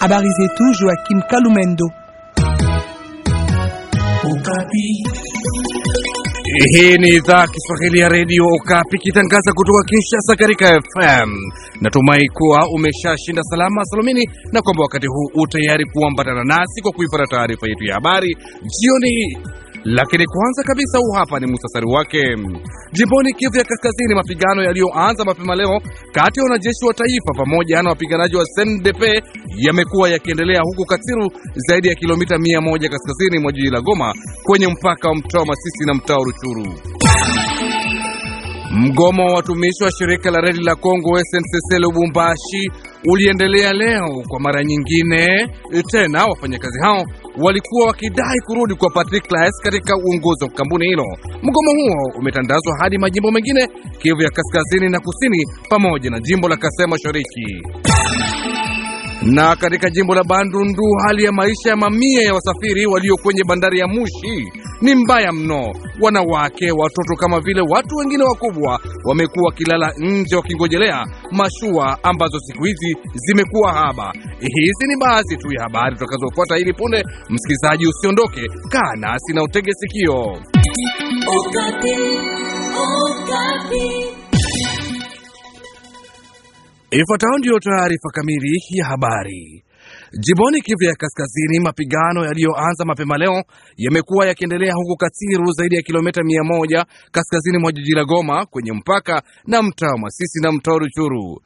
habari zetu Joakim Kalumendo Hii ni idhaa Kiswahili ya redio Okapi kitangaza kutoka Kinshasa katika FM. Natumai kuwa umeshashinda salama salumini na kwamba wakati huu utayari kuambatana nasi kwa kuipata taarifa yetu ya habari jioni lakini kwanza kabisa huu hapa ni muhtasari wake. Jimboni Kivu ya Kaskazini, mapigano yaliyoanza mapema leo kati ya wanajeshi wa taifa pamoja na wapiganaji wa SNDP yamekuwa yakiendelea huku Katiru, zaidi ya kilomita moja kaskazini mwa jiji la Goma, kwenye mpaka wa mtaa wa Masisi na mtaa wa Ruchuru. Mgomo wa watumishi wa shirika la reli la Kongo SNCC Lubumbashi uliendelea leo kwa mara nyingine tena, wafanyakazi hao walikuwa wakidai kurudi kwa Patrick Laes katika uongozi wa kampuni hilo. Mgomo huo umetandazwa hadi majimbo mengine Kivu ya kaskazini na kusini pamoja na jimbo la Kasema Mashariki. Na katika jimbo la Bandundu hali ya maisha ya mamia ya wasafiri walio kwenye bandari ya Mushi ni mbaya mno. Wanawake, watoto kama vile watu wengine wakubwa wamekuwa wakilala nje wakingojelea mashua ambazo siku hizi zimekuwa haba. Hizi ni baadhi tu ya habari tutakazofuata hili punde. Msikilizaji, usiondoke, kaa nasi na utege sikio. Okapi, Okapi. Ifuatayo ndiyo taarifa kamili ya habari. Jimboni Kivu ya Kaskazini, mapigano yaliyoanza mapema leo yamekuwa yakiendelea huku Katiru, zaidi ya kilomita mia moja kaskazini mwa jiji la Goma, kwenye mpaka na mtaa Masisi na mtaa Ruchuru.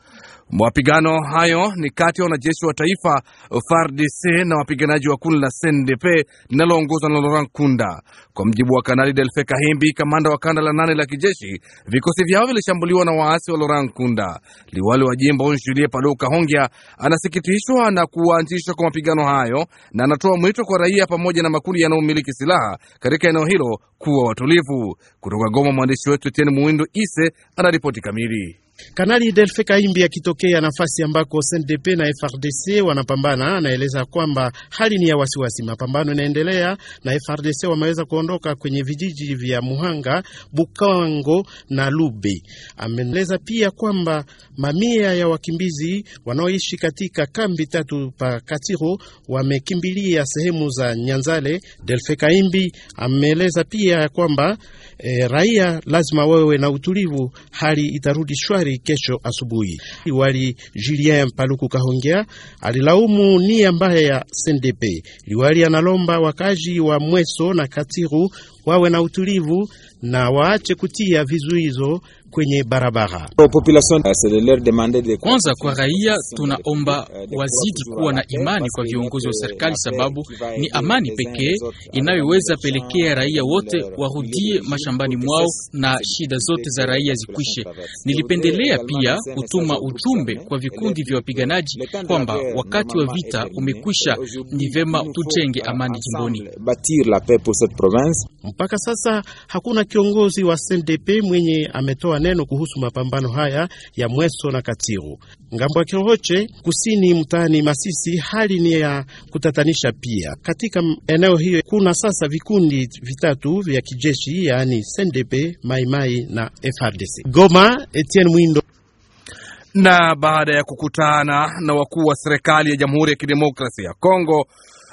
Mapigano hayo ni kati ya wanajeshi wa taifa FARDC na wapiganaji wa kundi la SNDP linaloongozwa na Laurent Kunda. Kwa mjibu wa Kanali Delfe Kahimbi, kamanda wa kanda la nane la kijeshi, vikosi vyao vilishambuliwa na waasi wa Laurent Kunda. Liwali wa jimbo Julie Paluka Hongia anasikitishwa na ku kuanzishwa kwa mapigano hayo, na anatoa mwito kwa raia pamoja na makundi yanayomiliki silaha katika eneo hilo kuwa watulivu. Kutoka Goma, mwandishi wetu Etienne Muwindo Ise anaripoti kamili. Kanali Delfe Kaimbi akitokea nafasi ambako SDP na FRDC wanapambana, anaeleza kwamba hali ni ya wasiwasi, mapambano inaendelea na FRDC wameweza kuondoka kwenye vijiji vya Muhanga, Bukango na Lube. Ameeleza pia kwamba mamia ya wakimbizi wanaoishi katika kambi tatu pa Katiro wamekimbilia sehemu za Nyanzale. Delfe Kaimbi ameeleza pia kwamba e, raia lazima wawe na utulivu, hali itarudi shwari Misri kesho asubuhi. Liwali Julien Paluku Kahongea alilaumu nia mbaya ya CNDP. Liwali analomba wakazi wa Mweso na Katiru wawe na utulivu na waache kutia vizuizo kwenye barabara. Kwanza kwa raia, tunaomba wazidi kuwa na imani kwa viongozi wa serikali, sababu ni amani pekee inayoweza pelekea raia wote warudie mashambani mwao na shida zote za raia zikwishe. Nilipendelea pia kutuma ujumbe kwa vikundi vya wapiganaji kwamba wakati wa vita umekwisha, ni vema tujenge amani jimboni. Mpaka sasa hakuna kiongozi wa CNDP mwenye ametoa maneno kuhusu mapambano haya ya Mweso na Katiru ngambo ya Kirohoche kusini mtaani Masisi. Hali ni ya kutatanisha pia. Katika eneo hiyo kuna sasa vikundi vitatu vya kijeshi, yaani CNDP, Maimai na FRDC. Goma, Etienne Mwindo na baada ya kukutana na wakuu wa serikali ya Jamhuri ya Kidemokrasia ya Kongo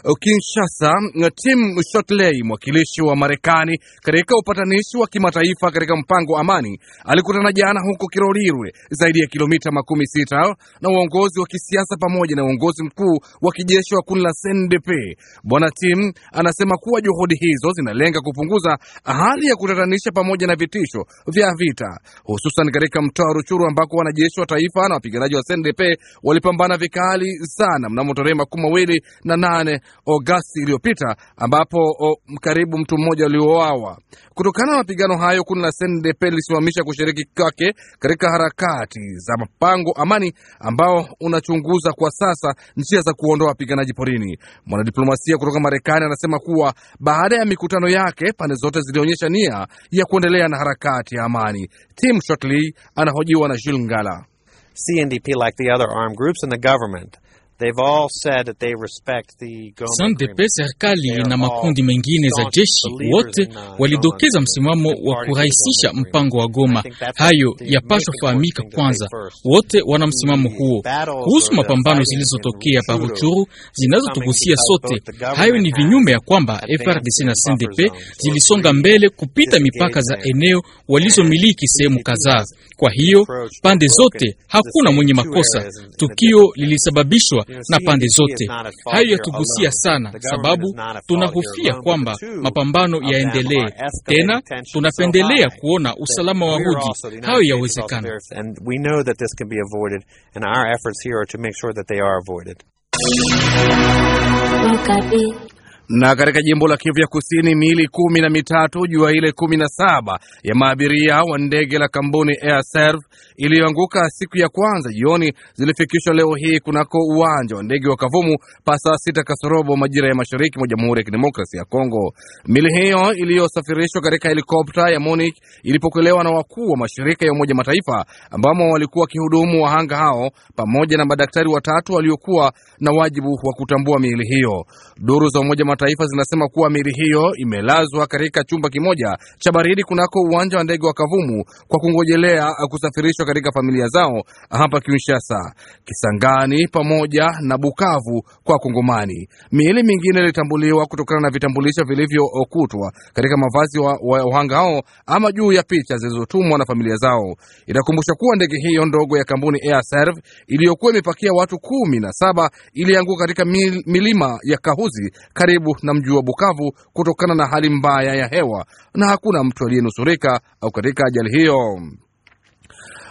Eh, Kinshasa, eh, Tim Shotley, mwakilishi wa Marekani katika upatanishi wa kimataifa katika mpango wa amani, alikutana jana huko Kirolirwe, zaidi ya kilomita makumi sita na uongozi wa kisiasa pamoja na uongozi mkuu wa kijeshi wa kundi la CNDP. Bwana Tim anasema kuwa juhudi hizo zinalenga kupunguza hali ya kutatanisha pamoja na vitisho vya vita, hususan katika mtaa wa Ruchuru ambako wanajeshi wa taifa na wapiganaji wa CNDP walipambana vikali sana mnamo tarehe makumi mawili na nane Agosti iliyopita ambapo o, karibu mtu mmoja aliuawa kutokana na mapigano hayo. Kundi la sndp lilisimamisha kushiriki kwake katika harakati za mpango amani ambao unachunguza kwa sasa njia za kuondoa wapiganaji porini. Mwanadiplomasia kutoka Marekani anasema kuwa baada ya mikutano yake pande zote zilionyesha nia ya kuendelea na harakati ya amani. Tim anahojiwa na Jules Ngala. CNDP like the other armed groups in the government Sande serikali na makundi mengine za jeshi wote uh, walidokeza msimamo wa kurahisisha mpango wa Goma. Hayo yapashwa fahamika kwanza, wote wana msimamo huo. Kuhusu mapambano zilizotokea Paruchuru zinazotugusia sote, hayo ni vinyume ya kwamba FRDC na CNDP zilisonga mbele kupita mipaka za eneo walizomiliki sehemu kadhaa. Kwa hiyo pande zote hakuna mwenye makosa. Tukio lilisababishwa na pande zote. Hayo yatugusia sana, sababu tunahofia kwamba mapambano yaendelee tena. Tunapendelea kuona usalama wa huji hayo yawezekana. Na katika jimbo la Kivu ya Kusini, miili kumi na mitatu jua ile kumi na saba ya maabiria wa ndege la kampuni Airserv iliyoanguka siku ya kwanza jioni zilifikishwa leo hii kunako uwanja wa ndege wa Kavumu pa saa sita kasorobo majira ya mashariki mwa Jamhuri ya Kidemokrasia ya Kongo. Miili hiyo iliyosafirishwa katika helikopta ya Munich ilipokelewa na wakuu wa mashirika ya Umoja Mataifa ambamo walikuwa wakihudumu wahanga hao pamoja na madaktari watatu waliokuwa na wajibu wa kutambua miili hiyo. Duru za Umoja Mataifa zinasema kuwa mili hiyo imelazwa katika chumba kimoja cha baridi kunako uwanja wa ndege wa Kavumu kwa kungojelea kusafirishwa katika familia zao hapa Kinshasa, Kisangani pamoja na Bukavu kwa Kongomani. Miili mingine ilitambuliwa kutokana na vitambulisho vilivyokutwa katika mavazi wa, wahanga uhanga hao ama juu ya picha zilizotumwa na familia zao. Itakumbusha kuwa ndege hiyo ndogo ya kampuni Air iliyokuwa imepakia watu kumi na saba ilianguka katika milima ya Kahuzi karibu karibu na mji wa Bukavu kutokana na hali mbaya ya hewa na hakuna mtu aliyenusurika au katika ajali hiyo.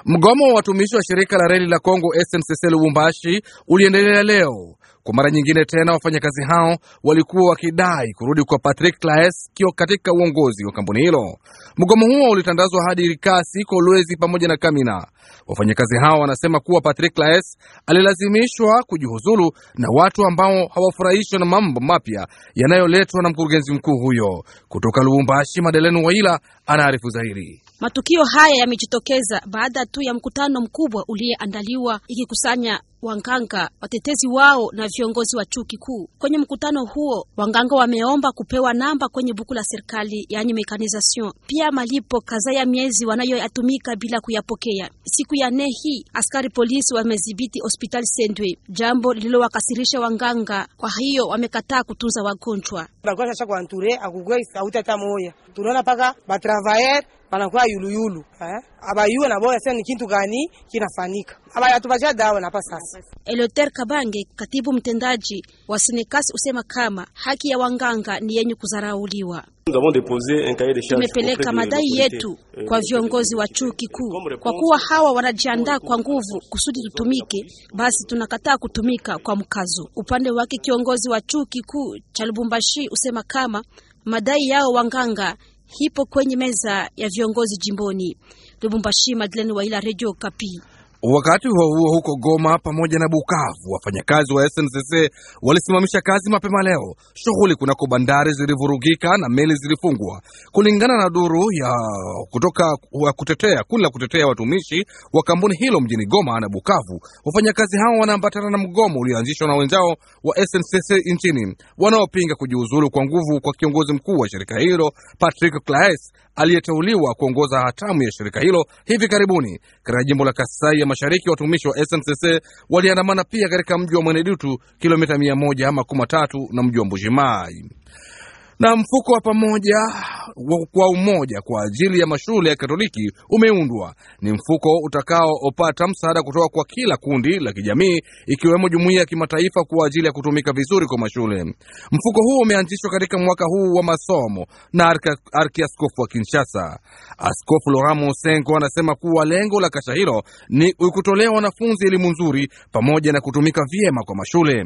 Mgomo wa watumishi wa shirika la reli la Kongo SNCC Lubumbashi uliendelea leo. Kwa mara nyingine tena, wafanyakazi hao walikuwa wakidai kurudi kwa Patrick Claes kio katika uongozi wa kampuni hilo. Mgomo huo ulitandazwa hadi Rikasi, Kolwezi pamoja na Kamina. Wafanyakazi hao wanasema kuwa Patrick Claes alilazimishwa kujihuzulu na watu ambao hawafurahishwa na mambo mapya yanayoletwa na mkurugenzi mkuu huyo. Kutoka Lubumbashi, Madeleine Waila anaarifu zaidi. Matukio haya yamejitokeza baada tu ya mkutano mkubwa uliyeandaliwa ikikusanya wanganga, watetezi wao na viongozi wa chuo kikuu. Kwenye mkutano huo, wanganga wameomba kupewa namba kwenye buku la serikali, yaani mekanizasyon, pia malipo kadhaa ya miezi wanayoyatumika bila kuyapokea. Siku ya nne hii, askari polisi wamedhibiti hospitali Sendwe, jambo lililowakasirisha wanganga, kwa hiyo wamekataa kutunza wagonjwa. Tunaona paka panakuwa yuluyulu eh? abayuwe naboyasea ni kitu gani kinafanika abayatupasha dawa napa sasa. Eleuter Kabange, katibu mtendaji wa Sinekasi, usema kama haki ya wanganga ni yenye kuzarauliwa. Tumepeleka madai yetu kwa viongozi wa chuo kikuu. Kwa kuwa hawa wanajiandaa kwa nguvu kusudi tutumike, basi tunakataa kutumika kwa mkazo. Upande wake kiongozi wa chuo kikuu cha Lubumbashi usema kama madai yao wanganga hipo kwenye meza ya viongozi jimboni. Lubumbashi, Madeleine Waila, Radio Kapi. Wakati huo huo, huko Goma pamoja na Bukavu, wafanyakazi wa SNCC walisimamisha kazi mapema leo shughuli kunako bandari zilivurugika na meli zilifungwa, kulingana na duru ya kutoka wa kutetea kundi la kutetea watumishi wa kampuni hilo mjini Goma na Bukavu. Wafanyakazi hao wanaambatana na mgomo ulioanzishwa na wenzao wa SNCC nchini wanaopinga kujiuzulu kwa nguvu kwa kiongozi mkuu wa shirika hilo Patrick Claes aliyeteuliwa kuongoza hatamu ya shirika hilo hivi karibuni katika jimbo la Kasai ya Mashariki, watumishi wa SNCC waliandamana pia katika mji wa Mwenedutu, kilomita mia moja makumi matatu na mji wa Mbujimai na mfuko wa pamoja kwa umoja kwa ajili ya mashule ya Katoliki umeundwa. Ni mfuko utakaopata msaada kutoka kwa kila kundi la kijamii ikiwemo jumuiya ya kimataifa kwa ajili ya kutumika vizuri kwa mashule. Mfuko huu umeanzishwa katika mwaka huu wa masomo na arkiaskofu wa Kinshasa, Askofu Laurent Monsengo, anasema kuwa lengo la kasha hilo ni kutolea wanafunzi elimu nzuri pamoja na kutumika vyema kwa mashule.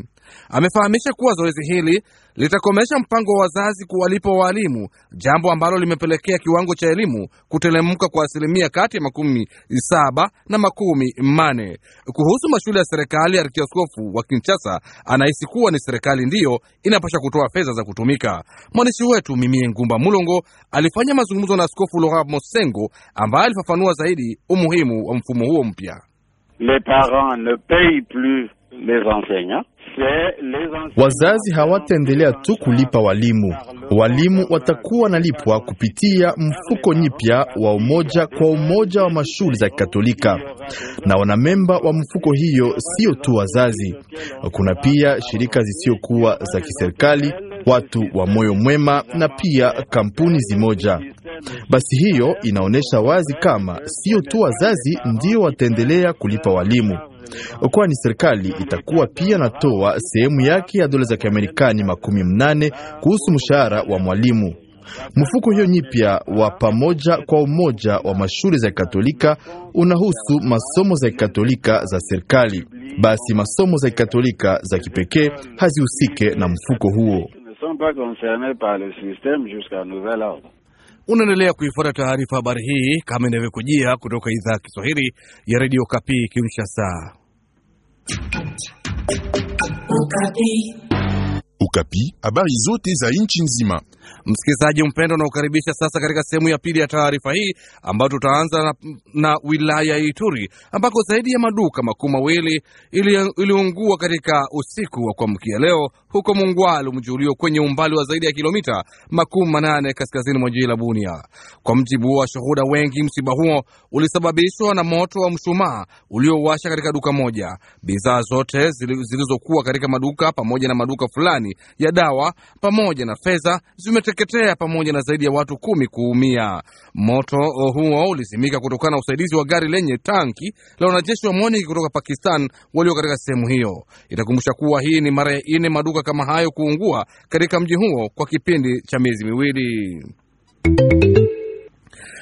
Amefahamisha kuwa zoezi hili litakomesha mpango wa wazazi kazi kuwalipa waalimu, jambo ambalo limepelekea kiwango cha elimu kutelemka kwa asilimia kati ya makumi saba na makumi mane. Kuhusu mashule ya serikali, Arkiaskofu wa Kinshasa anahisi kuwa ni serikali ndiyo inapasha kutoa fedha za kutumika. Mwandishi wetu Mimie Ngumba Mulongo alifanya mazungumzo na Askofu Laurent Mosengo ambaye alifafanua zaidi umuhimu wa mfumo huo mpya. Les parents ne payent plus les enseignants Wazazi hawataendelea tu kulipa walimu, walimu watakuwa wanalipwa kupitia mfuko nyipya wa umoja kwa umoja wa mashule za Kikatolika, na wanamemba wa mfuko hiyo sio tu wazazi, kuna pia shirika zisizokuwa za kiserikali, watu wa moyo mwema na pia kampuni zimoja. Basi hiyo inaonyesha wazi kama sio tu wazazi ndio wataendelea kulipa walimu kwani serikali itakuwa pia natoa sehemu yake ya dola za Kiamerikani makumi mnane kuhusu mshahara wa mwalimu. Mfuko hiyo nyipya wa pamoja kwa umoja wa mashule za Kikatolika unahusu masomo za Kikatolika za serikali. Basi masomo za Kikatolika za kipekee hazihusike na mfuko huo. Unaendelea kuifuata taarifa habari hii kama inavyokujia kutoka idhaa ya Kiswahili ya redio Kapi Kinshasa. Bugatti. Okapi, habari zote za nchi nzima. Msikilizaji mpendo, unaokaribisha sasa katika sehemu ya pili ya taarifa hii ambayo tutaanza na, na wilaya ya Ituri ambako zaidi ya maduka makuu mawili iliungua katika usiku wa kuamkia leo huko Mungwalu, mji ulio kwenye umbali wa zaidi ya kilomita makumi manane kaskazini mwa jiji la Bunia. Kwa mjibu wa shuhuda wengi, msiba huo ulisababishwa na moto wa mshumaa uliowasha katika duka moja. Bidhaa zote zilizokuwa katika maduka pamoja na maduka fulani ya dawa pamoja na fedha zimeteketea pamoja na zaidi ya watu kumi kuumia. Moto huo ulizimika kutokana na usaidizi wa gari lenye tanki la wanajeshi wa MONUC kutoka Pakistan walio katika sehemu hiyo. Itakumbusha kuwa hii ni mara ya nne maduka kama hayo kuungua katika mji huo kwa kipindi cha miezi miwili.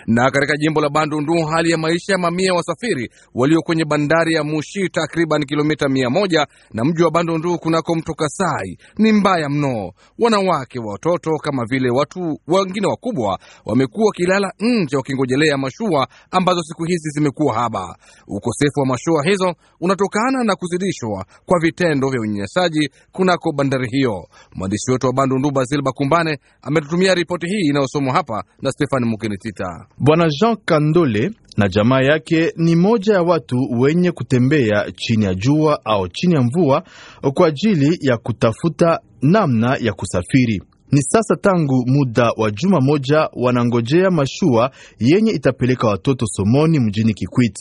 Na katika jimbo la Bandundu, hali ya maisha ya mamia wasafiri walio kwenye bandari ya Mushi takriban kilomita mia moja na mji wa Bandundu kunako mto Kasai ni mbaya mno. Wanawake, watoto kama vile watu wengine wakubwa wamekuwa wakilala nje wakingojelea mashua ambazo siku hizi zimekuwa haba. Ukosefu wa mashua hizo unatokana na kuzidishwa kwa vitendo vya unyanyasaji kunako bandari hiyo. Mwandishi wetu wa Bandundu Basil Bakumbane ametutumia ripoti hii inayosomwa hapa na Stefani Mukenitita. Bwana Jean Kandole na jamaa yake ni moja ya watu wenye kutembea chini ya jua au chini ya mvua kwa ajili ya kutafuta namna ya kusafiri. Ni sasa tangu muda wa juma moja wanangojea mashua yenye itapeleka watoto somoni mjini Kikwit.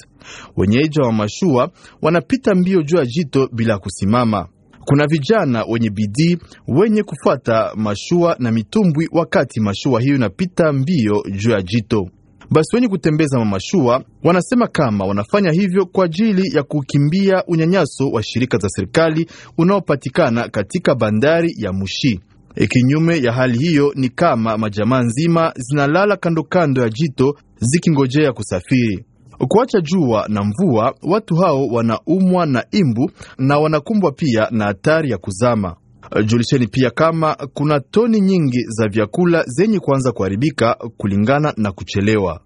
Wenyeji wa mashua wanapita mbio juu ya jito bila kusimama. Kuna vijana wenye bidii wenye kufuata mashua na mitumbwi wakati mashua hiyo inapita mbio juu ya jito. Basi wenye kutembeza mamashua wanasema kama wanafanya hivyo kwa ajili ya kukimbia unyanyaso wa shirika za serikali unaopatikana katika bandari ya Mushi. Kinyume ya hali hiyo ni kama majamaa nzima zinalala kando kando ya jito zikingojea kusafiri. Kuacha jua na mvua, watu hao wanaumwa na imbu na wanakumbwa pia na hatari ya kuzama. Eh, julisheni pia kama kuna toni nyingi za vyakula zenye kuanza kuharibika kulingana na kuchelewa.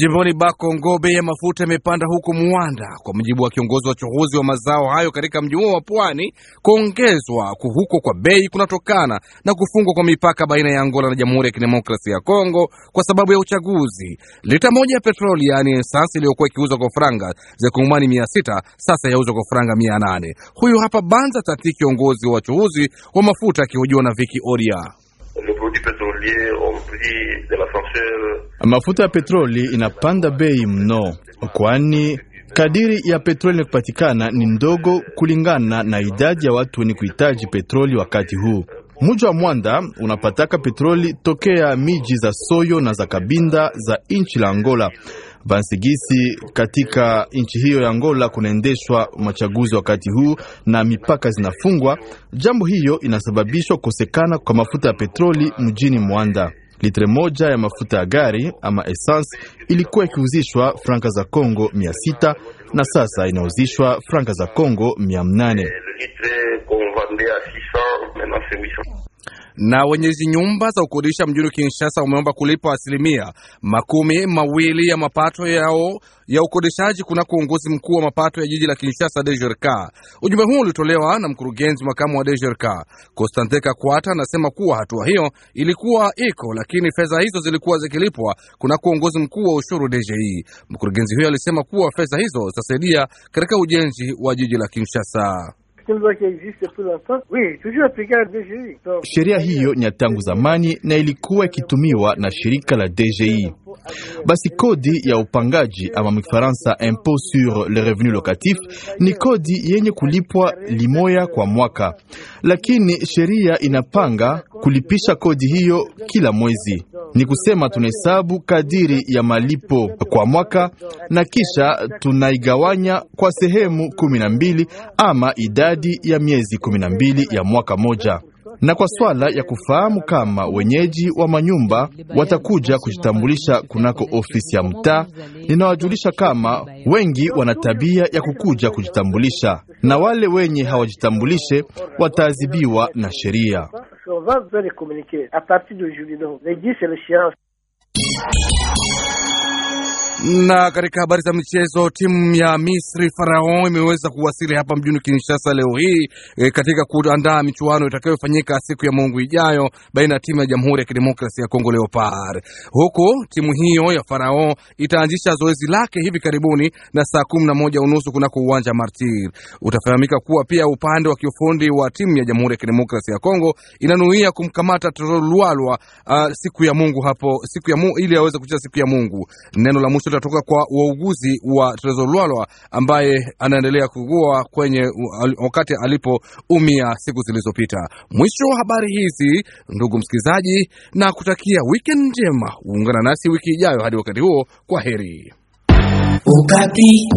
Jimboni Bakongo, bei ya mafuta imepanda huko mwanda kwa mujibu wa kiongozi wa churuzi wa mazao hayo katika mji huo wa pwani. Kuongezwa huko kwa bei kunatokana na kufungwa kwa mipaka baina ya Angola na Jamhuri ya Kidemokrasia ya Kongo kwa sababu ya uchaguzi. Lita moja ya petroli, yaani esansi iliyokuwa ikiuzwa kwa franga za Kongomani mia sita sasa yauzwa kwa franga mia nane. Huyu hapa Banza Tati, kiongozi wa wachuuzi wa mafuta akihojiwa na Viki Oria mgodi petrolier au de la Mafuta ya petroli inapanda bei mno, kwani kadiri ya petroli kupatikana ni ndogo kulingana na idadi ya watu wenye kuhitaji petroli wakati huu. Muji wa Mwanda unapataka petroli tokea miji za Soyo na za Kabinda za nchi la Angola. Vansigisi katika nchi hiyo ya Angola kunaendeshwa machaguzi wakati huu na mipaka zinafungwa. Jambo hiyo inasababishwa kukosekana kwa mafuta ya petroli mjini Mwanda. Litre moja ya mafuta ya gari ama essence ilikuwa ikiuzishwa franka za Kongo mia sita na sasa inauzishwa franka za Kongo mia mnane na wenyezi nyumba za kukodisha mjini Kinshasa wameomba kulipa asilimia makumi mawili ya mapato yao ya ukodeshaji kunako uongozi mkuu wa mapato ya jiji la Kinshasa, DGRK. Ujumbe huu ulitolewa na mkurugenzi makamu wa DGRK Constante Kakwata, anasema kuwa hatua hiyo ilikuwa iko, lakini fedha hizo zilikuwa zikilipwa kunako uongozi mkuu wa ushuru DGI. Mkurugenzi huyo alisema kuwa fedha hizo zitasaidia katika ujenzi wa jiji la Kinshasa. Sheria hiyo ni ya tangu zamani na ilikuwa ikitumiwa na shirika la DGI. Basi kodi ya upangaji ama mifaransa impôt sur le revenu locatif ni kodi yenye kulipwa limoya kwa mwaka, lakini sheria inapanga kulipisha kodi hiyo kila mwezi. Ni kusema tunahesabu kadiri ya malipo kwa mwaka na kisha tunaigawanya kwa sehemu kumi na mbili ama idadi ya miezi kumi na mbili ya mwaka moja na kwa swala ya kufahamu kama wenyeji wa manyumba watakuja kujitambulisha kunako ofisi ya mtaa, ninawajulisha kama wengi wana tabia ya kukuja kujitambulisha, na wale wenye hawajitambulishe wataadhibiwa na sheria. Na katika habari za michezo, timu ya Misri Faraon imeweza kuwasili hapa mjini Kinshasa leo hii e, katika kuandaa michuano itakayofanyika siku ya Mungu ijayo baina ya timu ya Jamhuri ya Kidemokrasia ya Kongo Leopard. Huku timu hiyo ya Faraon itaanzisha zoezi lake hivi karibuni na saa kumi na moja unusu kunako uwanja Martir. Utafahamika kuwa pia upande wa kiufundi wa timu ya Jamhuri ya Kidemokrasia ya Kongo inanuia kumkamata Toro Lualwa uh, siku ya Mungu hapo siku ya Mungu, ili aweze kucheza siku ya Mungu. Neno la mwisho tutatoka kwa wauguzi wa Trezolwalwa ambaye anaendelea kuugua kwenye wakati alipoumia siku zilizopita. Mwisho wa habari hizi, ndugu msikilizaji, na kutakia weekend njema. Uungana nasi wiki ijayo. Hadi wakati huo, kwa heri. Ukati.